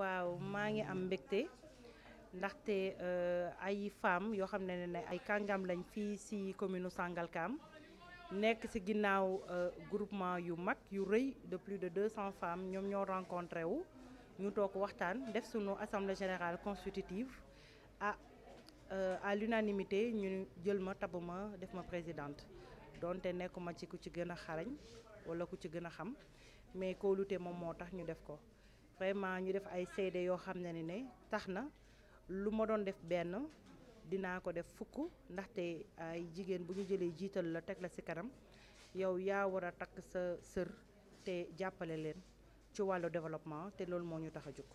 waaw maa ngi am mbégte ndaxte euh, ay femmes yoo xam ne ne ay kàngam lañ fii si commune u nekk si ginnaaw euh, groupement yu mag yu rëy de plus de 200 femmes ñoom ñoo rencontré wu ñu toog waxtaan def sunu assemblée générale constitutive ah à l'unanimité ñu jël ma tabb def ma présidente donte nekkuma ci ku ci gën a xarañ wala ku ci gën a xam mais kóolute moom moo tax ñu def ko vraiment ñu def ay seede yoo xam ne ni ne tax na lu ma doon def benn dinaa ko def fukk ndaxte ay jigéen bu ñu jëlee jiital la teg la ci kanam yow yaa war a takk sa sër te jàppale leen ci wàllu développement te loolu moo ñu tax a jóg.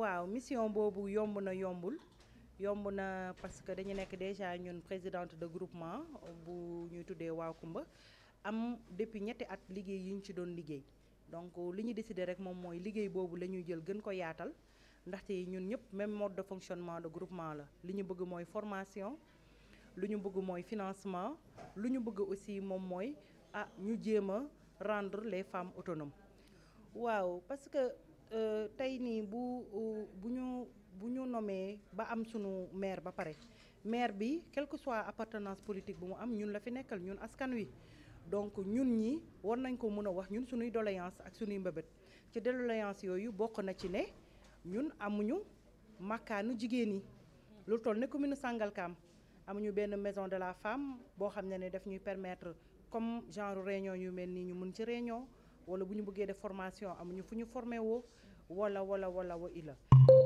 waaw mission boobu yomb na yombul yomb na parce que dañu nekk déjà ñun présidente de groupement bu ñuy tuddee waaw Kumba am depuis ñetti at liggéey yi ñu ci doon liggéey. donc li ñu décidé rek moom mooy liggéey boobu la ñuy jël gën ko yaatal ndaxte ñun ñëpp même mode de fonctionnement de groupement la li ñu bëgg mooy formation lu ñu bëgg mooy financement lu ñu bëgg aussi moom mooy ah ñu jéem a rendre les femmes autonome waaw parce que euh, tey nii bu bu ñu bu ñu nomee ba am sunu maire ba pare maire bi quelque que soit appartenance politique bu mu am ñun la fi nekkal ñun askan wi donc ñun ñi war nañ ko mën a wax ñun suñuy doléance ak suñuy mbëbët ci doléance yooyu bokk na ci ne ñun amuñu makaanu jigéen yi lu toll ne commune Sangalkam amuñu benn maison de la femme boo xam ne ne daf ñuy permettre comme genre réunion yu mel nii ñu mun ci réunion wala bu ñu bëggee def formation amuñu fu ñu formé woo wala wala wala wa ila